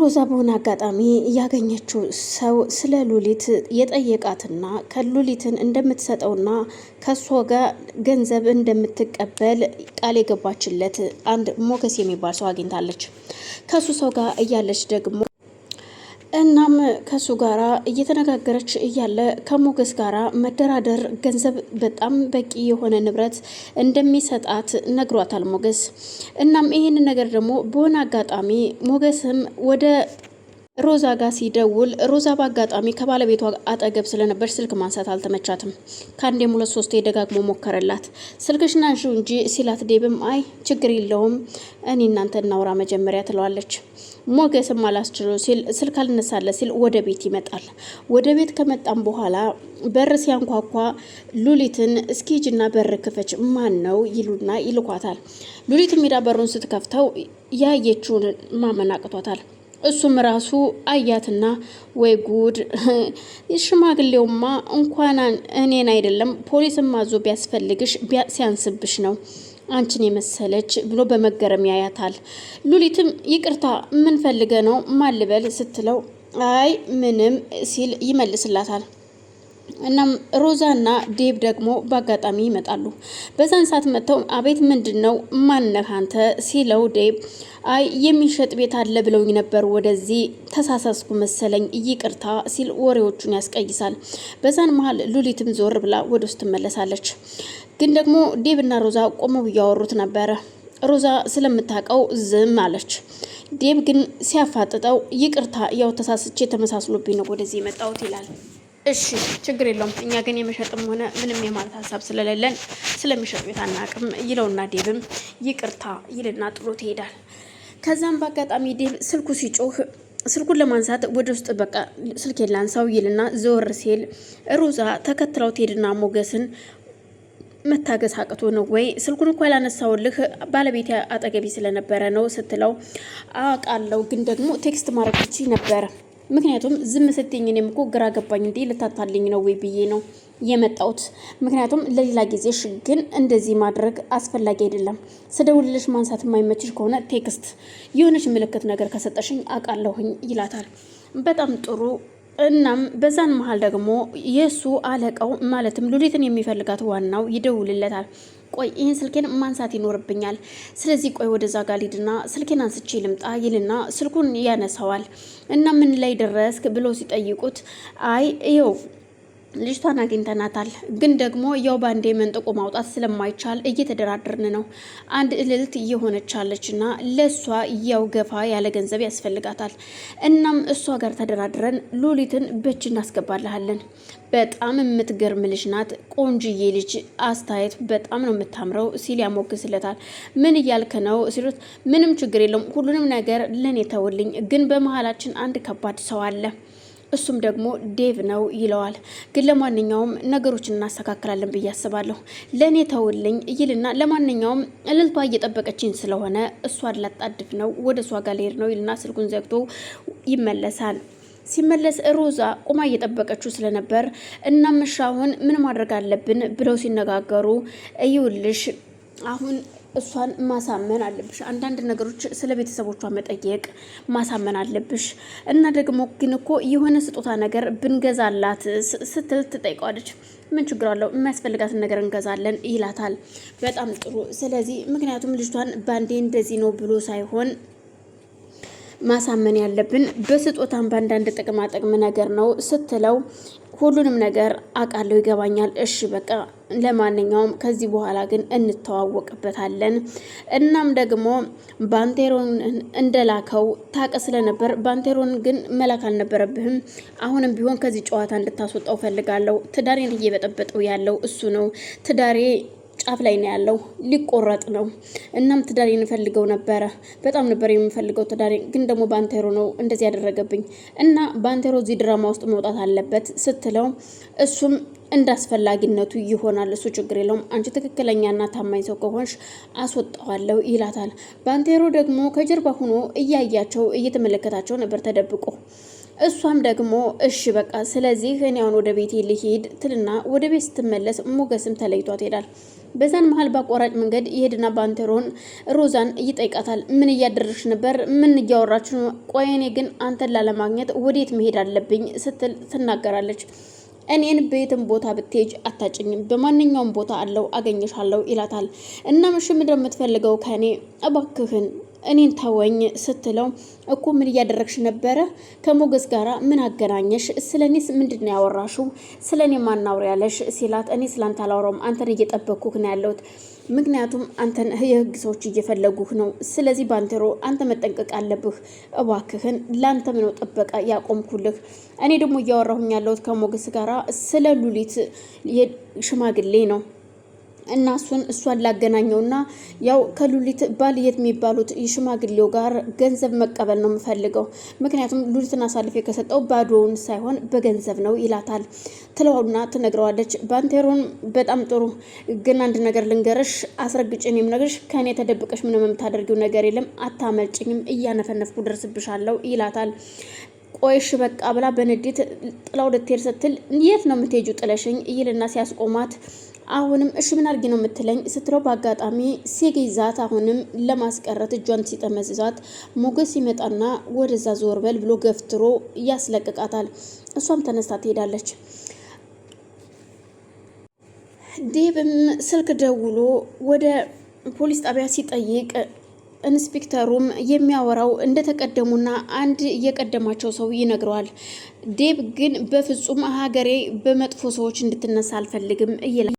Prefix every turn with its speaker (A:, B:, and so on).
A: ሮዛ በሆነ አጋጣሚ ያገኘችው ሰው ስለ ሉሊት የጠየቃትና ከሉሊትን እንደምትሰጠውና ከእሷ ጋር ገንዘብ እንደምትቀበል ቃል የገባችለት አንድ ሞገስ የሚባል ሰው አግኝታለች። ከሱ ሰው ጋር እያለች ደግሞ እናም ከሱ ጋራ እየተነጋገረች እያለ ከሞገስ ጋራ መደራደር ገንዘብ በጣም በቂ የሆነ ንብረት እንደሚሰጣት ነግሯታል ሞገስ። እናም ይህን ነገር ደግሞ በሆነ አጋጣሚ ሞገስም ወደ ሮዛ ጋር ሲደውል ሮዛ በአጋጣሚ ከባለቤቷ አጠገብ ስለነበር ስልክ ማንሳት አልተመቻትም። ከአንዴም ሁለት ሶስቴ ደጋግሞ ሞከረላት። ስልክሽን አንሺው እንጂ ሲላት ዴብም አይ ችግር የለውም እኔ እናንተ እናውራ መጀመሪያ ትለዋለች። ሞገስም አላስችሎ ሲል ስልክ አልነሳለ ሲል ወደ ቤት ይመጣል። ወደ ቤት ከመጣም በኋላ በር ሲያንኳኳ ሉሊትን እስኪጅና በር ክፈች ማን ነው ይሉና ይልኳታል። ሉሊት ሜዳ በሩን ስትከፍተው ያየችውን ማመን አቅቷታል። እሱም ራሱ አያትና ወይ ጉድ ሽማግሌውማ እንኳን እኔን አይደለም ፖሊስም አዞ ቢያስፈልግሽ ሲያንስብሽ ነው አንቺን የመሰለች ብሎ በመገረም ያያታል። ሉሊትም ይቅርታ ምን ፈልገ ነው ማልበል ስትለው አይ ምንም ሲል ይመልስላታል። እናም ሮዛና ዴብ ደግሞ በአጋጣሚ ይመጣሉ። በዛን ሰዓት መጥተው አቤት ምንድን ነው ማነህ አንተ ሲለው ዴብ አይ የሚሸጥ ቤት አለ ብለውኝ ነበር ወደዚህ ተሳሳስኩ መሰለኝ ይቅርታ ሲል ወሬዎቹን ያስቀይሳል። በዛን መሀል ሉሊትም ዞር ብላ ወደ ውስጥ ትመለሳለች። ግን ደግሞ እና ሮዛ ቆመው እያወሩት ነበረ። ሮዛ ስለምታውቀው ዝም አለች። ዴብ ግን ሲያፋጥጠው ይቅርታ ያው ተሳስቼ ተመሳስሎብኝ ነው ወደዚህ የመጣሁት ይላል። እሺ ችግር የለውም። እኛ ግን የመሸጥም ሆነ ምንም የማለት ሀሳብ ስለሌለን ስለሚሸጥ ቤት አናቅም ይለውና ዴብም ይቅርታ ይልና ጥሎት ይሄዳል። ከዛም በአጋጣሚ ዴብ ስልኩ ሲጮህ ስልኩን ለማንሳት ወደ ውስጥ በቃ ስልኬን ላንሳው ይልና ዘወር ሲል ሮዛ ተከትለው ትሄድና ሞገስን መታገስ አቅቶ ነው ወይ ስልኩን እኮ ያላነሳውልህ ባለቤት አጠገቢ ስለነበረ ነው ስትለው፣ አውቃለሁ ግን ደግሞ ቴክስት ማድረግ ነበር ምክንያቱም ዝም ስትኝ እኔም እኮ ግራ ገባኝ፣ እንዴ ልታታልኝ ነው ወይ ብዬ ነው የመጣሁት። ምክንያቱም ለሌላ ጊዜሽ ግን እንደዚህ ማድረግ አስፈላጊ አይደለም። ስደውልልሽ ማንሳት የማይመችሽ ከሆነ ቴክስት የሆነች ምልክት ነገር ከሰጠሽኝ አውቃለሁኝ ይላታል። በጣም ጥሩ እናም በዛን መሀል ደግሞ የእሱ አለቃው ማለትም ሉሊትን የሚፈልጋት ዋናው ይደውልለታል። ቆይ ይህን ስልኬን ማንሳት ይኖርብኛል። ስለዚህ ቆይ ወደዛ ጋር ሊድና ስልኬን አንስቼ ልምጣ ይልና ስልኩን ያነሳዋል እና ምን ላይ ደረስክ ብሎ ሲጠይቁት አይ ይኸው ልጅቷን አግኝተናታል። ግን ደግሞ ያው ባንዴ መንጥቆ ማውጣት ስለማይቻል እየተደራደርን ነው። አንድ እልልት እየሆነቻለች እና ለእሷ ያው ገፋ ያለ ገንዘብ ያስፈልጋታል። እናም እሷ ጋር ተደራድረን ሉሊትን በእጅ እናስገባልሃለን። በጣም የምትገርም ልጅ ናት። ቆንጅዬ ልጅ፣ አስተያየት በጣም ነው የምታምረው ሲል ያሞግስለታል። ምን እያልክ ነው ሲሉት፣ ምንም ችግር የለውም ሁሉንም ነገር ለእኔ ተውልኝ፣ ግን በመሀላችን አንድ ከባድ ሰው አለ እሱም ደግሞ ዴቭ ነው ይለዋል። ግን ለማንኛውም ነገሮችን እናስተካክላለን ብዬ አስባለሁ ለእኔ ተውልኝ ይልና ለማንኛውም እልልቷ እየጠበቀችኝ ስለሆነ እሷን ላጣድፍ ነው ወደ እሷ ጋር ልሄድ ነው ይልና ስልኩን ዘግቶ ይመለሳል። ሲመለስ ሮዛ ቁማ እየጠበቀችው ስለነበር እናምሻ አሁን ምን ማድረግ አለብን ብለው ሲነጋገሩ እይውልሽ አሁን እሷን ማሳመን አለብሽ። አንዳንድ ነገሮች ስለ ቤተሰቦቿ መጠየቅ ማሳመን አለብሽ። እና ደግሞ ግን እኮ የሆነ ስጦታ ነገር ብንገዛላት ስትል ትጠይቀዋለች። ምን ችግር አለው? የሚያስፈልጋትን ነገር እንገዛለን ይላታል። በጣም ጥሩ። ስለዚህ ምክንያቱም ልጅቷን ባንዴ እንደዚህ ነው ብሎ ሳይሆን ማሳመን ያለብን በስጦታም በአንዳንድ ጥቅማጥቅም ነገር ነው ስትለው ሁሉንም ነገር አውቃለሁ፣ ይገባኛል። እሺ በቃ ለማንኛውም ከዚህ በኋላ ግን እንተዋወቅበታለን። እናም ደግሞ ባንቴሮን እንደላከው ታቀ ስለነበር ባንቴሮን ግን መላክ አልነበረብህም። አሁንም ቢሆን ከዚህ ጨዋታ እንድታስወጣው ፈልጋለሁ። ትዳሬን እየበጠበጠው ያለው እሱ ነው። ትዳሬ ጫፍ ላይ ነው ያለው፣ ሊቆረጥ ነው። እናም ትዳር እንፈልገው ነበረ፣ በጣም ነበር የምፈልገው ትዳር፣ ግን ደግሞ ባንቴሮ ነው እንደዚህ ያደረገብኝ እና ባንቴሮ እዚህ ድራማ ውስጥ መውጣት አለበት ስትለው እሱም እንደ አስፈላጊነቱ ይሆናል። እሱ ችግር የለውም። አንቺ ትክክለኛና ታማኝ ሰው ከሆንሽ አስወጣዋለሁ ይላታል። ባንቴሮ ደግሞ ከጀርባ ሆኖ እያያቸው እየተመለከታቸው ነበር ተደብቆ። እሷም ደግሞ እሺ በቃ ስለዚህ እኔ አሁን ወደ ቤቴ ልሄድ ትልና ወደ ቤት ስትመለስ ሞገስም ተለይቷት ይሄዳል። በዛን መሀል በአቋራጭ መንገድ ይሄድና ባንቴሮን ሮዛን ይጠይቃታል። ምን እያደረሽ ነበር? ምን እያወራችሁ ነው? ቆይ ግን አንተን ላለማግኘት ወዴት መሄድ አለብኝ? ስትል ትናገራለች። እኔን በየትም ቦታ ብትሄጅ አታጭኝም፣ በማንኛውም ቦታ አለው አገኘሻለሁ ይላታል። እናም እሺ የምትፈልገው ከእኔ? እባክህን እኔን ተወኝ ስትለው እኮ ምን እያደረግሽ ነበረ? ከሞገስ ጋራ ምን አገናኘሽ? ስለ እኔስ ምንድን ነው ያወራሽው? ስለ እኔ ማናውር ያለሽ ሲላት፣ እኔ ስላንተ አላወራውም አንተን እየጠበቅኩህ ነው ያለሁት። ምክንያቱም አንተን የህግ ሰዎች እየፈለጉህ ነው። ስለዚህ ባንቴሮ አንተ መጠንቀቅ አለብህ። እባክህን ለአንተ ምነው ጥበቃ ያቆምኩልህ? እኔ ደግሞ እያወራሁኝ ያለሁት ከሞገስ ጋራ ስለ ሉሊት ሽማግሌ ነው እና እሱን እሷን ና ያው ከሉሊት ባልየት የሚባሉት የሽማግሌው ጋር ገንዘብ መቀበል ነው የምፈልገው። ምክንያቱም ሉሊትን አሳልፌ ከሰጠው ባዶውን ሳይሆን በገንዘብ ነው ይላታል። ትለውና ትነግረዋለች። ባንቴሮን በጣም ጥሩ ግን አንድ ነገር ልንገርሽ፣ አስረግጭን የምነግርሽ ከእኔ ተደብቀሽ ምንም የምታደርጊው ነገር የለም፣ አታመልጭኝም፣ እያነፈነፍኩ ደርስብሻለሁ ይላታል። ቆይሽ በቃ ብላ በንዴት ጥላው ልትሄድ ስትል የት ነው የምትሄጁ ጥለሽኝ? ይልና ሲያስቆማት አሁንም እሺ ምን አድርጊ ነው የምትለኝ ስትለው በአጋጣሚ ሲገዛት አሁንም ለማስቀረት እጇን ሲጠመዝዛት ሞገስ ይመጣና ወደዛ ዞር በል ብሎ ገፍትሮ ያስለቅቃታል። እሷም ተነስታ ትሄዳለች። ዴብም ስልክ ደውሎ ወደ ፖሊስ ጣቢያ ሲጠይቅ ኢንስፔክተሩም የሚያወራው እንደተቀደሙና አንድ የቀደማቸው ሰው ይነግረዋል። ዴብ ግን በፍጹም ሀገሬ በመጥፎ ሰዎች እንድትነሳ አልፈልግም ይላል።